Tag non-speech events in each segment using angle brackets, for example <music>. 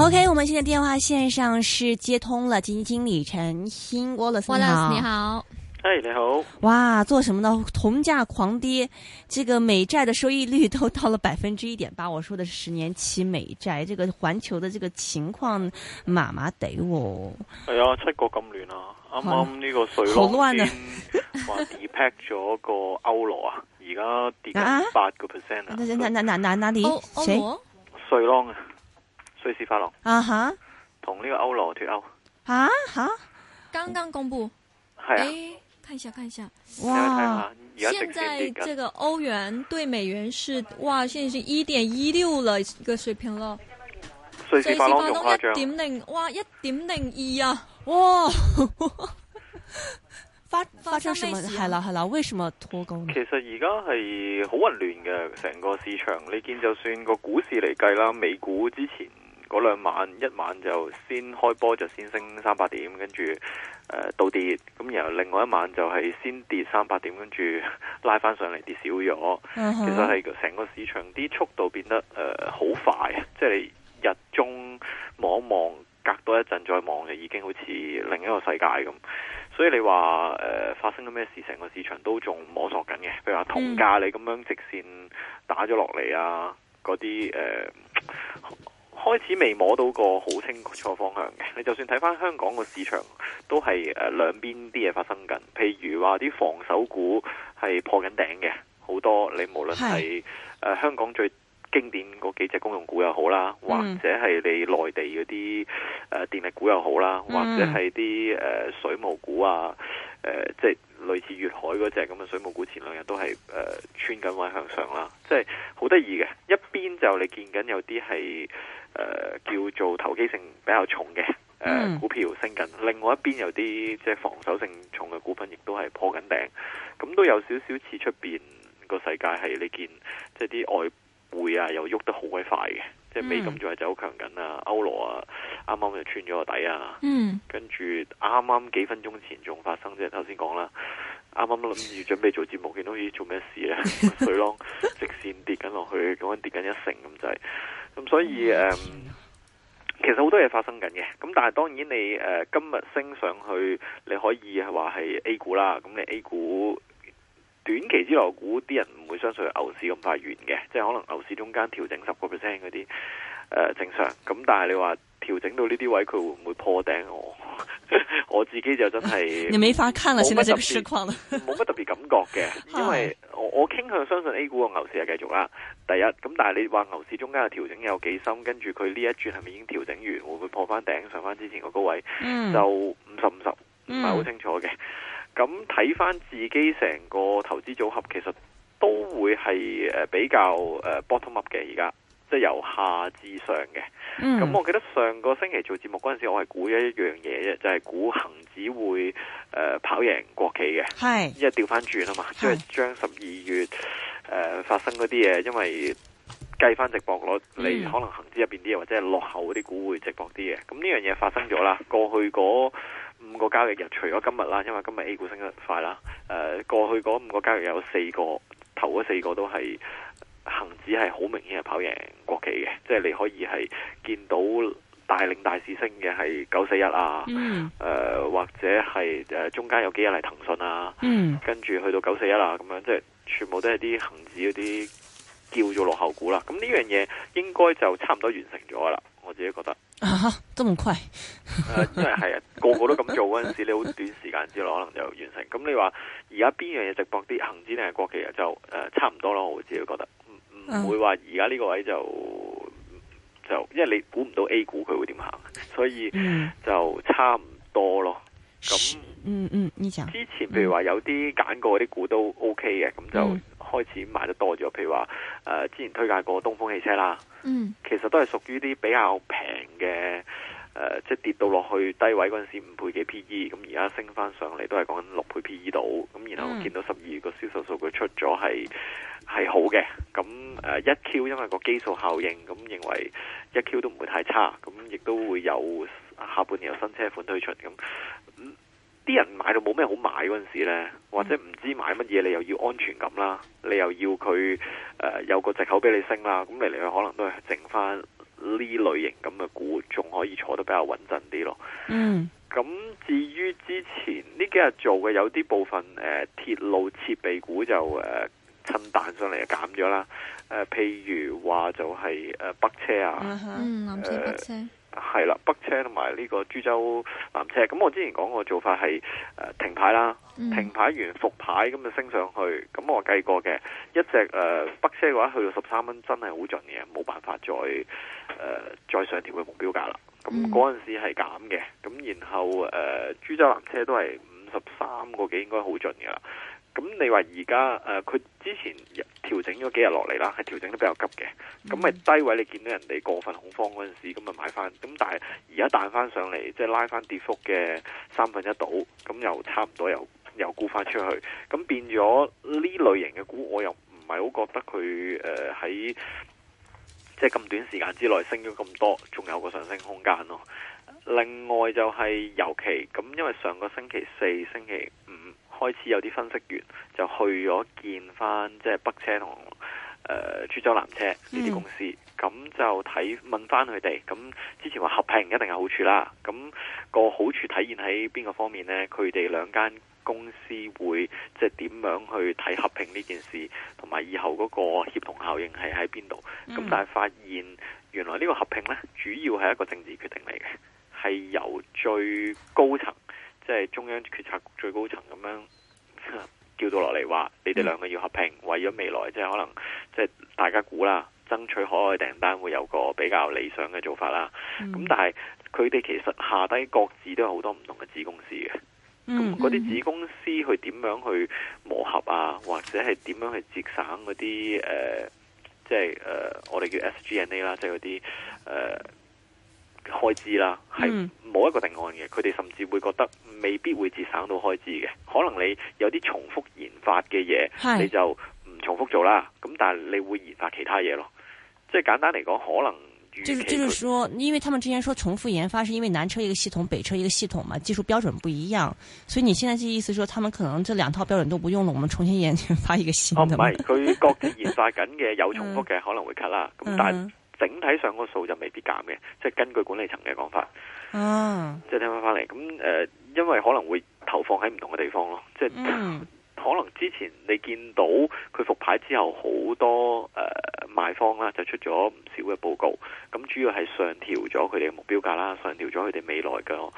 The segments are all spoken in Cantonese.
OK，我們現在電話線上是接通了基金經理陳昕 Wallace 的號。Wallace 你好。嗨，你好。Hey, 你好哇，做什麼呢？銅價狂跌，這個美債的收益率都到了百分之一點八。我說的是十年期美債。這個環球的這個情況麻麻地。係啊，七國咁亂啊，啱啱呢個瑞郎，哇 <laughs> ，de-peg 咗個歐羅啊，而家跌咗八個 percent 啊。那那那那那哪裏？誰？瑞郎啊。瑞士法郎啊哈，同呢、uh huh? 個歐羅脫歐啊哈，剛剛、uh huh? 公布係啊、哎，看一下看一下哇！看看現在現在這個歐元對美元是哇，現在是一點一六了一個水平咯。瑞士法郎一點零哇，一點零二啊哇！ <laughs> 發發生什麼係啦係啦，為什麼脱鈎？其實而家係好混亂嘅成個市場，你見就算個股市嚟計啦，美股之前。嗰兩晚一晚就先開波就先升三百點，跟住誒倒跌，咁、呃、然後另外一晚就係先跌三百點，跟住拉翻上嚟跌少咗。嗯、哼其實係成個市場啲速度變得誒好、呃、快，即係你日中望一望，隔多一陣再望就已經好似另一個世界咁。所以你話誒、呃、發生咗咩事，成個市場都仲摸索緊嘅，譬如話同價你咁樣直線打咗落嚟啊，嗰啲誒。開始未摸到個好清楚方向嘅，你就算睇翻香港個市場都係誒兩邊啲嘢發生緊，譬如話啲防守股係破緊頂嘅，好多你無論係誒香港最經典嗰幾隻公用股又好啦，或者係你內地嗰啲誒電力股又好啦，或者係啲誒水務股啊，誒、呃、即係類似粵海嗰隻咁嘅水務股，前兩，前兩日都係誒穿緊位向上啦，即係好得意嘅，一邊就你見緊有啲係。誒、呃，叫做投機性比較重嘅誒、呃 mm. 股票升緊，另外一邊有啲即係防守性重嘅股份，亦都係破緊頂，咁都有少少似出面個世界係你見，即係啲外匯啊又喐得好鬼快嘅，即係美金仲係走強緊啊，歐羅啊，啱啱就穿咗個底啊，嗯，跟住，啱啱幾分鐘前仲發生，即係頭先講啦，啱啱諗住準備做節目，見到似做咩事咧？瑞郎 <laughs> 直綫跌緊落去，咁樣跌緊一成咁就係。咁所以誒其實好多嘢發生緊嘅。咁但係當然你誒今日升上去，你可以話係 A 股啦。咁你 A 股短期之內估啲人唔會相信牛市咁快完嘅，即係可能牛市中間調整十個 percent 嗰啲誒正常。咁但係你話。調整到呢啲位，佢會唔會破頂？我 <laughs> 我自己就真係你沒法看了，現在冇乜 <laughs> 特別感覺嘅，因為我我傾向相信 A 股個牛市係繼續啦。第一咁，但係你話牛市中間嘅調整有幾深，跟住佢呢一轉係咪已經調整完，會唔會破翻頂，上翻之前的個高位？嗯、就五十五十唔係好清楚嘅。咁睇翻自己成個投資組合，其實都會係誒比較誒 bottom up 嘅而家。即係由下至上嘅，咁、嗯、我記得上個星期做節目嗰陣時，我係估咗一樣嘢嘅，就係、是、估恒指會誒、呃、跑贏國企嘅，係，因為調翻轉啊嘛，即係將十二月誒發生嗰啲嘢，因為計翻值博率，你可能恒指入邊啲嘢，或者係落後嗰啲股會值博啲嘢，咁呢、嗯、樣嘢發生咗啦。過去嗰五個交易日，除咗今日啦，因為今日 A 股升得快啦，誒、呃，過去嗰五個交易日有四個，頭嗰四個都係。恒指係好明顯係跑贏國企嘅，即係你可以係見到帶領大市升嘅係九四一啊，誒、嗯呃、或者係誒、呃、中間有幾日嚟騰訊啊，嗯、跟住去到九四一啊咁樣，即係全部都係啲恒指嗰啲叫做落後股啦。咁呢樣嘢應該就差唔多完成咗啦，我自己覺得。咁、啊、快、 <laughs> 呃？因為係啊，個個都咁做嗰陣時，你好短時間之內可能就完成。咁你話而家邊樣嘢值博啲恒指定係國企啊？就誒、呃、差唔多咯，我自己覺得。唔會話而家呢個位就就，因為你估唔到 A 股佢會點行，所以就差唔多咯。咁嗯嗯，之前譬如話有啲揀過啲股都 OK 嘅，咁就開始買得多咗。譬如話誒、呃，之前推介過東風汽車啦，嗯，其實都係屬於啲比較平嘅誒，即係跌到落去低位嗰陣時五倍幾 P E，咁而家升翻上嚟都係講緊六倍 P E 度，咁然後見到十二月個銷售數據出咗係。係好嘅咁誒，一 Q 因為個基數效應咁，認為一 Q 都唔會太差咁，亦都會有下半年有新車款推出咁。啲人買到冇咩好買嗰陣時呢，或者唔知買乜嘢，你又要安全感啦，你又要佢、呃、有個藉口俾你升啦。咁嚟嚟去去可能都係剩翻呢類型咁嘅股，仲可以坐得比較穩陣啲咯。咁至於之前呢幾日做嘅有啲部分、呃、鐵路設備股就、呃趁彈上嚟就減咗啦、呃。譬如話就係、是呃、北車啊，南車北車，係啦，北車同埋呢個株洲南車。咁我之前講過做法係、呃、停牌啦，嗯、停牌完復牌咁就升上去。咁我計過嘅一隻、呃、北車嘅話去到十三蚊，真係好盡嘅，冇辦法再、呃、再上調嘅目標價啦。咁嗰陣時係減嘅，咁然後誒、呃、株洲南車都係五十三個幾，應該好盡嘅啦。咁你話而家誒，佢、呃、之前調整咗幾日落嚟啦，係調整得比較急嘅。咁咪低位，你見到人哋過分恐慌嗰陣時，咁咪買翻。咁但係而家彈翻上嚟，即係拉翻跌幅嘅三分一到，咁又差唔多又又沽翻出去。咁變咗呢類型嘅股，我又唔係好覺得佢誒喺即係咁短時間之內升咗咁多，仲有個上升空間咯。另外就係尤其咁，因為上個星期四、星期五，開始有啲分析員就去咗見翻，即係北車同誒株洲南車呢啲公司，咁、嗯、就睇問翻佢哋。咁之前話合併一定有好處啦，咁個好處體現喺邊個方面呢？佢哋兩間公司會即係點樣去睇合併呢件事，同埋以後嗰個協同效應係喺邊度？咁、嗯、但係發現原來呢個合併呢，主要係一個政治決定嚟嘅，係由最高層。即係中央決策最高層咁樣叫到落嚟話，你哋兩個要合併，嗯、為咗未來，即、就、係、是、可能即係、就是、大家估啦，爭取海外訂單會有個比較理想嘅做法啦。咁、嗯、但係佢哋其實下低各自都有好多唔同嘅、嗯、子公司嘅，咁嗰啲子公司去點樣去磨合啊，或者係點樣去節省嗰啲誒，即係誒，我哋叫 SG&A 啦，即係嗰啲誒。呃開支啦，係冇一個定案嘅。佢哋、嗯、甚至會覺得未必會節省到開支嘅。可能你有啲重複研發嘅嘢，唉你就唔重複做啦。咁但係你會研發其他嘢咯。即係簡單嚟講，可能即係就是說，因為他們之前說重複研發，是因為南車一個系統，北車一個系統嘛，技術標準不一樣。所以你現在這個意思說，他們可能這兩套標準都不用了，我們重新研發一個新的。唔係佢各自研發緊嘅有重複嘅，可能會 cut 啦。咁、 <laughs> 嗯、但、嗯整體上個數就未必減嘅，即係根據管理層嘅講法，嗯、即係聽翻翻嚟，咁誒、呃，因為可能會投放喺唔同嘅地方咯，即係、嗯、可能之前你見到佢復牌之後，好多誒、呃、賣方啦就出咗唔少嘅報告，咁主要係上調咗佢哋嘅目標價啦，上調咗佢哋未來嘅誒、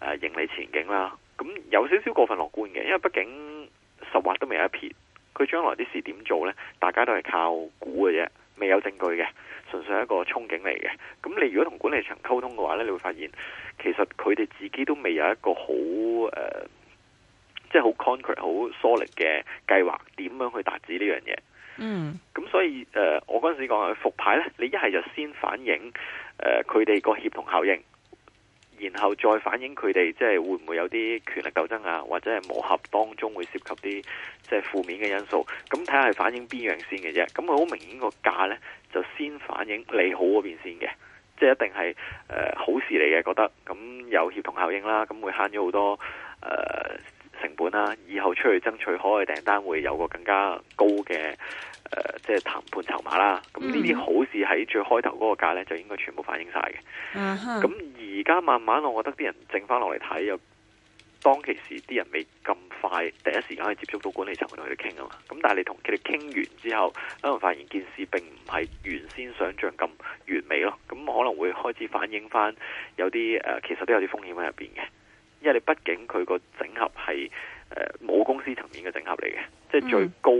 呃、盈利前景啦，咁有少少過分樂觀嘅，因為畢竟十劃都未有一撇，佢將來啲事點做咧，大家都係靠估嘅啫。未有證據嘅，純粹係一個憧憬嚟嘅。咁你如果同管理層溝通嘅話咧，你會發現其實佢哋自己都未有一個好誒即係好 concrete、好 solid 嘅計劃點樣去達至呢樣嘢。嗯，咁所以誒、呃、我陣時講係復牌咧，你一係就先反映誒佢哋個協同效應。然後再反映佢哋即係會唔會有啲權力鬥爭啊，或者係磨合當中會涉及啲即係負面嘅因素，咁睇下係反映邊樣先嘅啫。咁佢好明顯個價呢，就先反映利好嗰邊先嘅，即係一定係誒、呃、好事嚟嘅，覺得咁有協同效應啦，咁會慳咗好多誒、呃成本啦，以後出去爭取海外訂單會有個更加高嘅誒、呃，即係談判籌碼啦。咁呢啲好事喺最開頭嗰個價咧，就應該全部反映晒嘅。咁而家慢慢，我覺得啲人靜翻落嚟睇，又當其時啲人未咁快第一時間去接觸到管理層同佢哋傾啊嘛。咁但係你同佢哋傾完之後，可能發現件事並唔係原先想象咁完美咯。咁可能會開始反映翻有啲誒，其實都有啲風險喺入邊嘅。因為你畢竟佢個整合係誒冇公司層面嘅整合嚟嘅，即係最高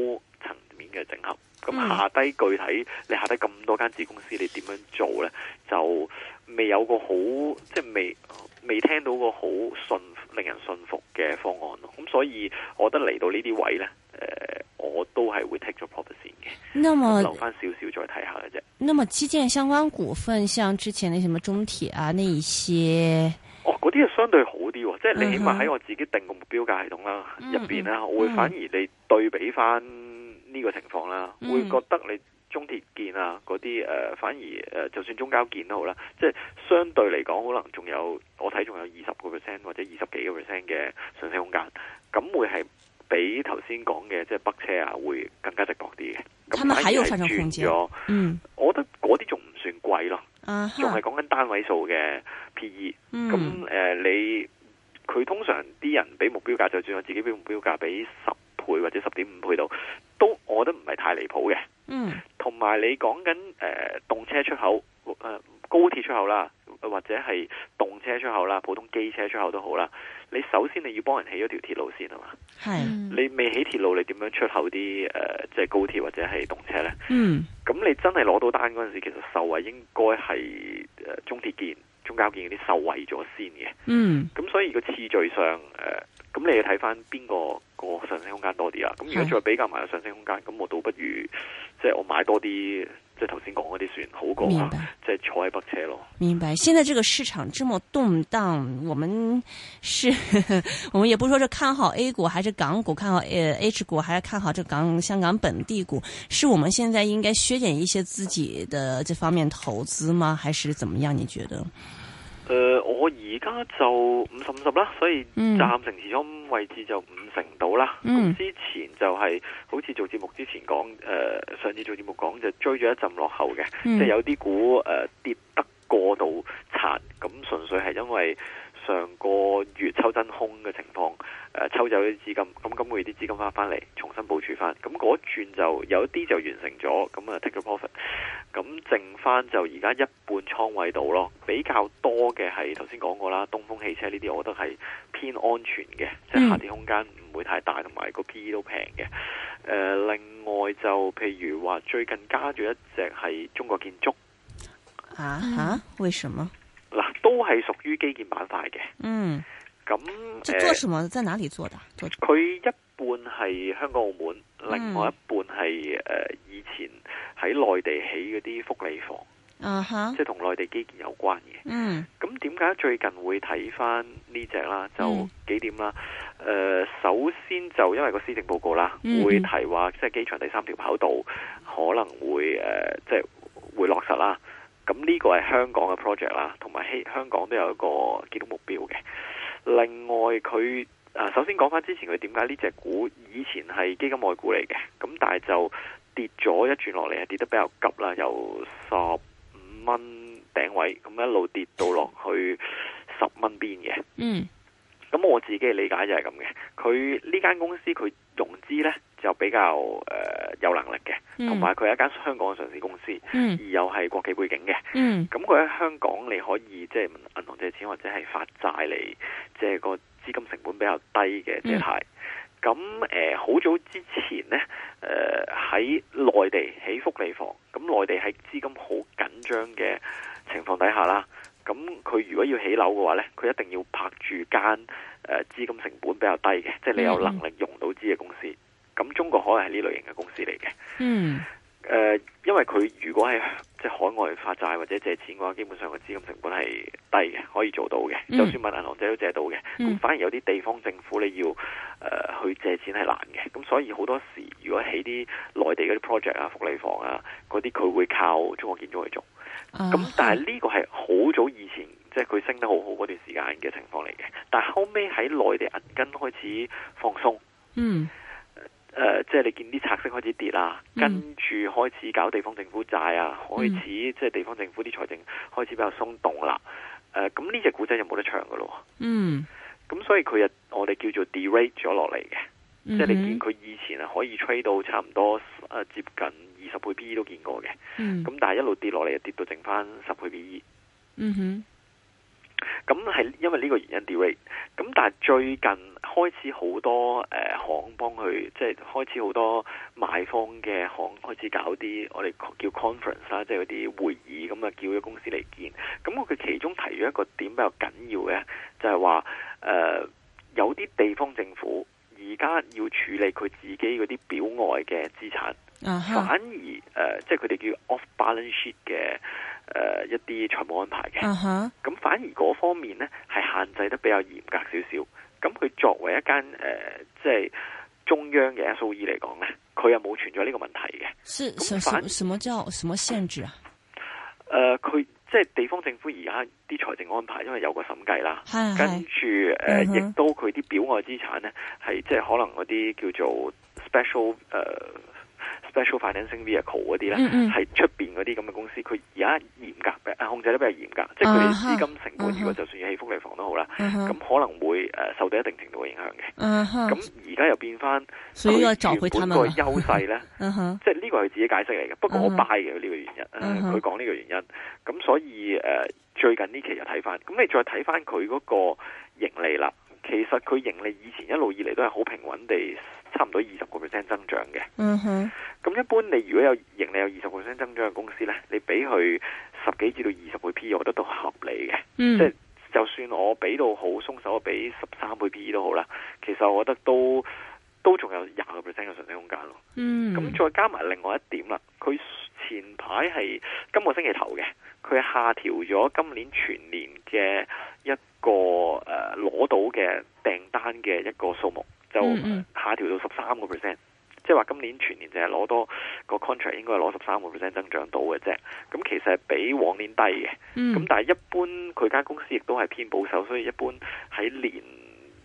層面嘅整合。咁、嗯、下低具體、嗯、你下低咁多間子公司，你點樣做咧？就未有個好，即係未、呃、未聽到個好信令人信服嘅方案咯。咁所以我覺得嚟到呢啲位咧，誒、呃、我都係會 take 咗 profit 先嘅。那麼留翻少少再睇下嘅啫。那麼基建相關股份，像之前嘅什麼中鐵啊，那一些。即係相對好啲，即係你起碼喺我自己定個目標價系統啦，入邊啦，我會反而你對比翻呢個情況啦，嗯、會覺得你中鐵建啊嗰啲誒，反而誒，就算中交建都好啦，即係相對嚟講，可能仲有我睇仲有二十個 percent 或者二十幾個 percent 嘅上升空間，咁會係比頭先講嘅即係北車啊，會更加值博啲嘅。反而係轉咗，他們還有上升空間。嗯，我覺得嗰啲仲唔算貴咯。仲係講緊單位數嘅 PE，咁誒你佢通常啲人俾目標價，就算我自己俾目標價俾十倍或者十點五倍到，都我覺得唔係太離譜嘅。嗯、mm.，同埋你講緊誒動車出口誒、呃、高鐵出口啦。或者係動車出口啦，普通機車出口都好啦。你首先你要幫人起咗條鐵路先啊嘛。係是。你未起鐵路，你點樣出口啲誒，即、呃、係、就是、高鐵或者係動車咧？嗯。咁你真係攞到單嗰陣時，其實受惠應該係誒中鐵建、中交建啲受惠咗先嘅。嗯。咁所以個次序上誒，咁、呃、你要睇翻邊個個上升空間多啲啦。咁如果再比較埋個上升空間，咁是我倒不如即係、就是、我買多啲。即係頭先講嗰啲船好過，明白即係坐喺北車咯。明白。現在這個市場這麼動盪，我們是， <laughs> 我們也不說是看好 A 股，還是港股，看好誒 H 股，還是看好這港香港本地股？是我們現在應該削減一些自己的這方面投資嗎？還是怎麼樣？你覺得？呃，我。而家就五十五十啦，所以暫時持倉位置就五成到啦。咁之前就係、是、好似做節目之前講、呃，上次做節目講就追咗一陣落後嘅，即、就、係、是、有啲股、呃、跌得過度殘，咁純粹係因為。上個月抽真空嘅情況，誒、啊、抽走啲資金，咁今個月啲資金翻翻嚟，重新部署翻，咁嗰轉就有一啲就完成咗，咁啊 take a profit，咁剩翻就而家一半倉位度咯，比較多嘅係頭先講過啦，東風汽車呢啲，我覺得係偏安全嘅，即、就、係、是、下跌空間唔會太大，同埋個 P E 都平嘅。誒、呃，另外就譬如話最近加咗一隻係中國建築啊，吓、啊、為什麼？.都係屬於基建板塊嘅，嗯，咁，做什麼？在哪裏做的？佢一半係香港澳門，另外一半係誒以前喺內地起嗰啲福利房，嗯哼，即係同內地基建有關嘅，嗯。咁點解最近會睇翻呢隻啦？就幾點啦？誒，首先就因為個施政報告啦，會提話即係機場第三條跑道可能會誒，即係會落實啦。咁呢個係香港嘅 project 啦，同埋香港都有一個結目標嘅。另外佢誒，首先講翻之前佢點解呢隻股以前係基金外股嚟嘅，咁但係就跌咗一轉落嚟，係跌得比較急啦，由十五蚊頂位咁一路跌到落去十蚊邊嘅。嗯，咁我自己嘅理解就係咁嘅，佢呢間公司佢。融資咧就比較誒、呃、有能力嘅，同埋佢係一間香港嘅上市公司，嗯、而又係國企背景嘅。咁佢喺香港你可以即係、就是、銀行借錢或者係發債嚟，即係個資金成本比較低嘅，借貸、嗯。咁誒好早之前咧，誒、呃、喺內地起福利房，咁內地喺資金好緊張嘅情況底下啦。咁佢如果要起樓嘅話呢，佢一定要拍住間誒資金成本比較低嘅，即係你有能力融到資嘅公司。咁中國可能係呢類型嘅公司嚟嘅。嗯。誒、呃，因為佢如果係即係海外發債或者借錢嘅話，基本上個資金成本係低嘅，可以做到嘅。就算問銀行借都借到嘅。咁、嗯、反而有啲地方政府你要誒、呃、去借錢係難嘅。咁所以好多時如果起啲內地嗰啲 project 啊、福利房啊嗰啲，佢會靠中國建築去做。咁、uh huh. 但係呢個係好早以前，即係佢升得好好嗰段時間嘅情況嚟嘅。但係後尾喺內地銀根開始放鬆，嗯、mm. 呃，誒，即係你見啲拆息開始跌啦、mm. 跟住開始搞地方政府債啊，開始即係、mm. 地方政府啲財政開始比較鬆動啦。誒、呃，咁呢隻股仔就冇得唱噶咯。嗯，咁所以佢就，我哋叫做 derate 咗落嚟嘅，即係、mm hmm. 你見佢以前係可以 trade 到差唔多誒、呃、接近。十倍 P/E 都見過嘅，咁、嗯、但係一路跌落嚟，跌到剩翻十倍 P/E。嗯哼，咁係因為呢個原因 delay 咁，但係最近開始好多誒、呃、行幫佢，即、就、係、是、開始好多賣方嘅行開始搞啲我哋叫 conference 啦，即係嗰啲會議，咁啊叫咗公司嚟見。咁佢其中提咗一個點比較緊要嘅，就係話誒有啲地方政府而家要處理佢自己嗰啲表外嘅資產。反而誒、uh huh. 呃，即係佢哋叫 off balance sheet 嘅誒、呃，一啲財務安排嘅。咁、uh huh. 反而嗰方面呢，係限制得比較嚴格少少。咁佢作為一間誒、呃，即係中央嘅 SOE 嚟講呢，佢又冇存在呢個問題嘅。咁是反什麼叫什麼限制啊？誒、呃，佢即係地方政府而家啲財政安排，因為有個審計啦，跟住誒，亦、呃 uh huh. 都佢啲表外資產呢，係即係可能嗰啲叫做 special 誒、呃。financing vehicle 嗰啲咧，係出邊嗰啲咁嘅公司，佢而家嚴格嘅控制得比較嚴格，即係佢哋資金成本，如果就算要起福利房都好啦，咁可能會誒受到一定程度嘅影響嘅。咁而家又變翻，佢原本個優勢咧，即係呢個係佢自己解釋嚟嘅。不過我 buy 嘅呢個原因，佢講呢個原因，咁所以誒最近呢期又睇翻，咁你再睇翻佢嗰個盈利啦。其實佢盈利以前一路以嚟都係好平穩地，差唔多二十個 percent 增長嘅。嗯哼、mm。咁、hmm. 一般你如果有盈利有二十個 percent 增長嘅公司咧，你俾佢十幾至到二十倍 P 我覺得都合理嘅。即係、mm hmm. 就，就算我俾到好鬆手，俾十三倍 P 都好啦，其實我覺得都都仲有廿個 percent 嘅上升空間咯。嗯、mm。咁、hmm. 再加埋另外一點啦，佢前排係今個星期頭嘅，佢下調咗今年全年嘅一。個誒攞到嘅訂單嘅一個數、呃、目就下調到十三個 percent，即係話今年全年淨係攞多個 contract 應該係攞十三個 percent 增長到嘅啫。咁其實係比往年低嘅。咁、嗯、但係一般佢間公司亦都係偏保守，所以一般喺年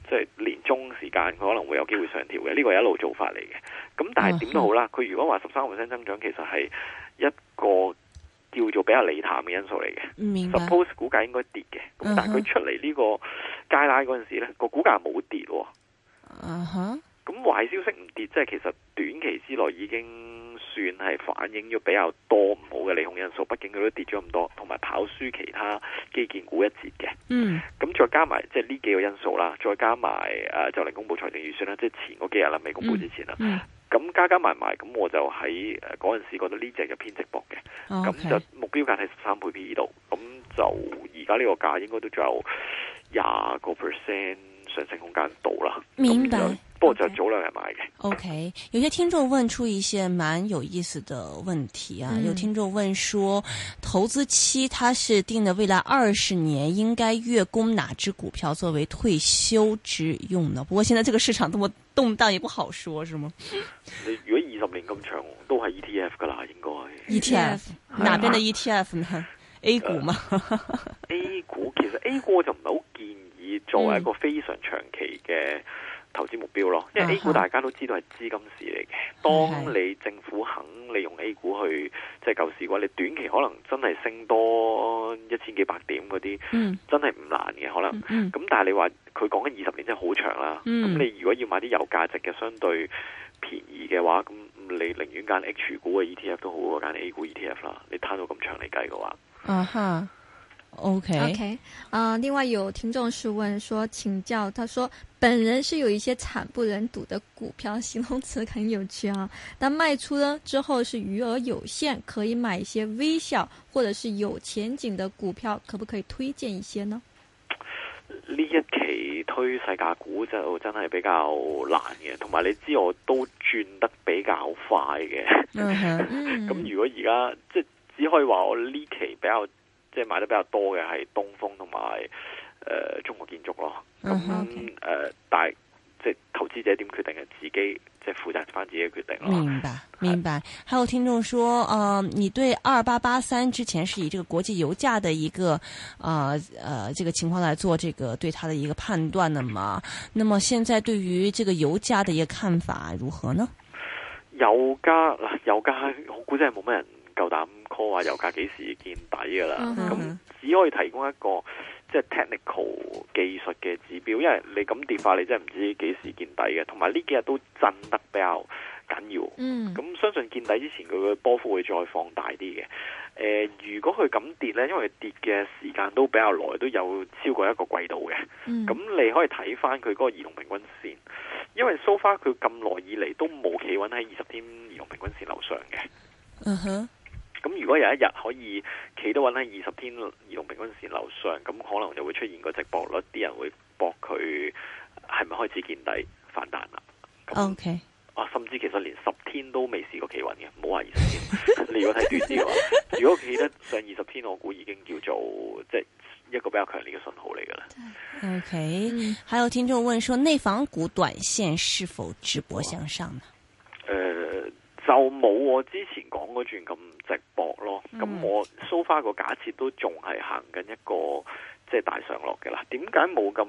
即係、就是、年終時間可能會有機會上調嘅。呢個係一路做法嚟嘅。咁但係點都好啦，佢、嗯、如果話十三個 percent 增長，其實係一個。叫做比較利淡嘅因素嚟嘅，suppose 股價應該跌嘅，咁、uh huh. 但係佢出嚟呢個街拉嗰陣時咧，個股價冇跌喎。咁、uh huh. 壞消息唔跌，即係其實短期之內已經算係反映咗比較多唔好嘅利空因素。畢竟佢都跌咗咁多，同埋跑輸其他基建股一截嘅。嗯、uh。咁、huh. 再加埋即係呢幾個因素啦，再加埋誒、呃、就嚟公布財政預算啦，即係前嗰幾日啦，未公布之前啦。Uh huh. 咁加加埋埋，咁我就喺嗰陣時覺得呢隻就偏值博嘅，咁 Okay. 就目標價係十三倍 P 度，咁就而家呢個價應該都仲有廿個 percent 上升空間度啦。明白。不過就早兩日買嘅。OK，有些聽眾問出一些蠻有意思的問題啊。嗯、有聽眾問說，投資期它是定的未來二十年，應該月供哪支股票作為退休之用呢？不過現在這個市場這麼動蕩，也不好說，是嗎？ <laughs> 你如果二十年咁長，都係 E T F 噶啦，應該。E T F，哪邊的 E T F 呢？A 股嗎、uh, <laughs> ？A 股其實 A 股我就唔係好建議作為一個非常長期嘅。嗯投資目標咯，因為 A 股大家都知道係資金市嚟嘅。當你政府肯利用 A 股去即係、就是、救市嘅話，你短期可能真係升多一千幾百點嗰啲，嗯、真係唔難嘅可能。咁、嗯嗯、但係你話佢講緊二十年真係好長啦。咁、嗯、你如果要買啲有價值嘅、相對便宜嘅話，咁你寧願揀 H 股嘅 ETF 都好過揀 A 股 ETF 啦。你攤到咁長嚟計嘅話，嗯 O K，O K，啊，Okay. okay. uh, 另外有聽眾是問說，請教，他說本人是有一些慘不忍睹的股票，形容詞很有趣啊，但賣出呢之後是餘額有限，可以買一些微小或者是有前景的股票，可不可以推薦一些呢？呢一期推世界股就真係比較難嘅，同埋你知我都轉得比較快嘅，嗯哼、mm hmm. <laughs> 咁如果而家即係只可以話我呢期比較。即係買得比較多嘅係東風同埋誒，中國建築咯。咁，誒，但係即係投資者點決定嘅，自己即係負責翻自己決定咯。明白明白。明白是還有聽眾說，啊、呃，你對二八八三之前是以這個國際油價的一個啊啊、呃呃、這個情況嚟做這個對它的一個判斷嘅嘛？那麼現在對於這個油價嘅一個看法如何呢？油價嗱，油價我估真係冇咩人。夠膽 call 話油價幾時見底噶啦？咁、uh huh. 只可以提供一個即係、就是、technical 技術嘅指標，因為你咁跌法，你真係唔知幾時見底嘅。同埋呢幾日都震得比較緊要，咁、uh huh. 相信見底之前佢嘅波幅會再放大啲嘅。誒、呃，如果佢咁跌呢，因為佢跌嘅時間都比較耐，都有超過一個季度嘅。咁、uh huh. 你可以睇翻佢嗰個移動平均線，因為 so far 佢咁耐以嚟都冇企穩喺二十天移動平均線樓上嘅。嗯哼、uh。Huh. 咁如果有一日可以企得穩喺二十天移動平均線樓上，咁可能就會出現嗰值博率，啲人會博佢係咪開始見底反彈啦。OK，啊，甚至其實連十天都未試過企穩嘅，唔好話二十天。 <laughs> 你如果睇短線嘅話，如果企得上二十天，我估已經叫做即係一個比較強烈嘅信號嚟噶啦。OK，還有聽眾問說，內房股短線是否值博向上呢？冇我之前講嗰轉咁直博咯，咁我 so far 個假設都仲係行緊一個即係、就是、大上落嘅啦。點解冇咁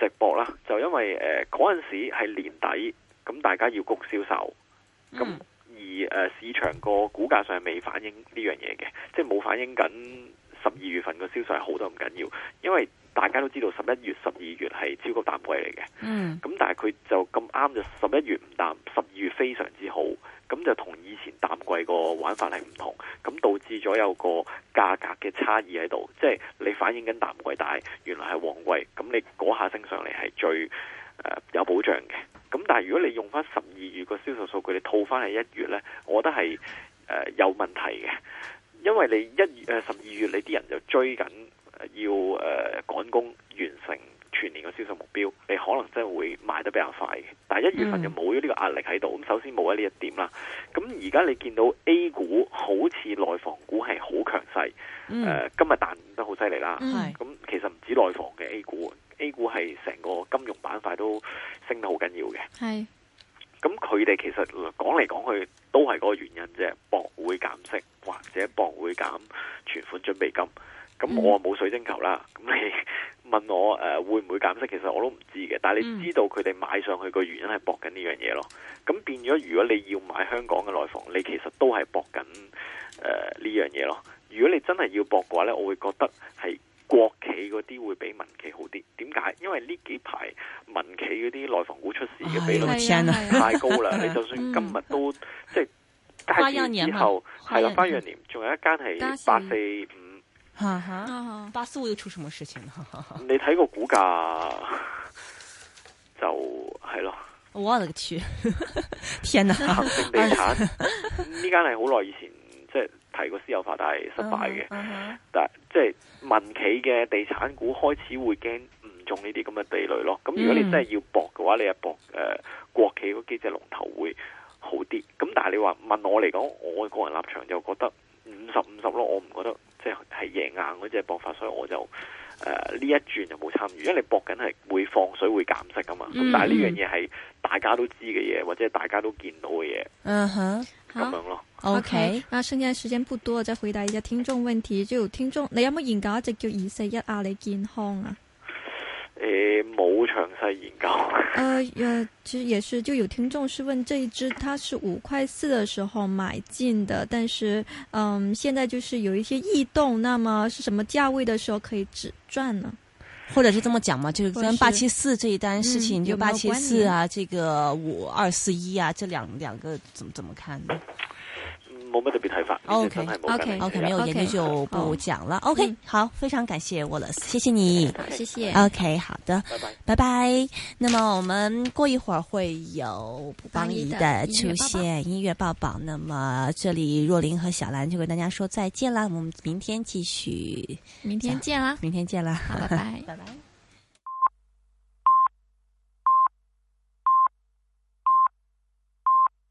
直博啦？就因為誒嗰陣時係年底，咁大家要谷銷售，咁而誒、呃、市場個股價上係未反映呢樣嘢嘅，即係冇反映緊十二月份個銷售係好得唔緊要，因為。大家都知道十一月、十二月係超高淡季嚟嘅，嗯，咁但係佢就咁啱就十一月唔淡，十二月非常之好，咁就同以前淡季個玩法係唔同，咁導致咗有個價格嘅差異喺度，即、就、係、你反映緊淡季，但係原來係旺季，咁你嗰下升上嚟係最誒、呃、有保障嘅。咁但係如果你用翻十二月個銷售數據，你套翻係一月咧，我覺得係、呃、有問題嘅，因為你一月十二、呃、月你啲人就追緊。要誒、呃、趕工完成全年嘅銷售目標，你可能真係會賣得比較快。但係一月份就冇咗呢個壓力喺度，咁、嗯、首先冇咗呢一點啦。咁而家你見到 A 股好似內房股係好強勢，誒、嗯呃、今日彈得好犀利啦。咁、嗯、其實唔止內房嘅 A 股是，A 股係成個金融板塊都升得好緊要嘅。咁佢哋其實講嚟講去都係嗰個原因啫，博會減息或者博會減存款準備金。咁、嗯、我冇水晶球啦，咁你問我誒、呃、會唔會減息？其實我都唔知嘅。但係你知道佢哋買上去個原因係搏緊呢樣嘢咯。咁變咗，如果你要買香港嘅內房，你其實都係搏緊誒呢樣嘢咯。如果你真係要搏嘅話呢，我會覺得係國企嗰啲會比民企好啲。點解？因為呢幾排民企嗰啲內房股出事嘅比率太高啦。你就算今日都、 <laughs> 嗯、即係加完之後係啦，花樣年，仲有一間係八四五。哈哈，八四五又出什麼事情啦？Uh huh. 你睇個股價就係咯。我個去， <laughs> 天啊哪！恒盛地產呢 <laughs> 間係好耐以前即係提過私有化，但係失敗嘅。Uh huh. 但係即係民企嘅地產股開始會驚唔中呢啲咁嘅地雷咯。咁如果你真係要博嘅話，你又博誒、呃、國企嗰幾隻龍頭會好啲。咁但係你話問我嚟講，我個人立場就覺得五十五十咯，我唔覺得。即係贏硬嗰隻博發，所以我就誒呢、呃、一轉就冇參與，因為你搏緊係會放水、會減息噶嘛。咁、嗯嗯、但係呢樣嘢係大家都知嘅嘢，或者大家都見到嘅嘢。嗯哼、uh，咁、huh. 樣咯。OK，、嗯、那剩下時間不多，再回答一下聽眾問題。就聽眾，你有冇研究一隻叫二四一阿里健康啊？誒，冇詳細研究啊。呃，其實也是，就有聽眾是問，這一支它是五塊四的時候買進的，但是，嗯、呃，現在就是有一些異動，那麼是什麼價位的時候可以止賺呢？或者是這麼講嘛？就是雖然八七四這一單事情，就八七四啊，嗯、有有這個五二四一啊，這兩兩個怎麼怎麼看呢？冇乜特別睇法。O K O K，沒有研究就不講了。O K，好，非常感謝 Wallace，謝謝你。謝謝。O K，好的，拜拜拜拜。那麼我們過一會兒會有蒲邦儀的出現，音樂抱抱。那麼這裏若琳和小蘭就跟大家說再見啦，我們明天繼續。明天見啦！明天見啦！好，拜拜拜拜。 <laughs>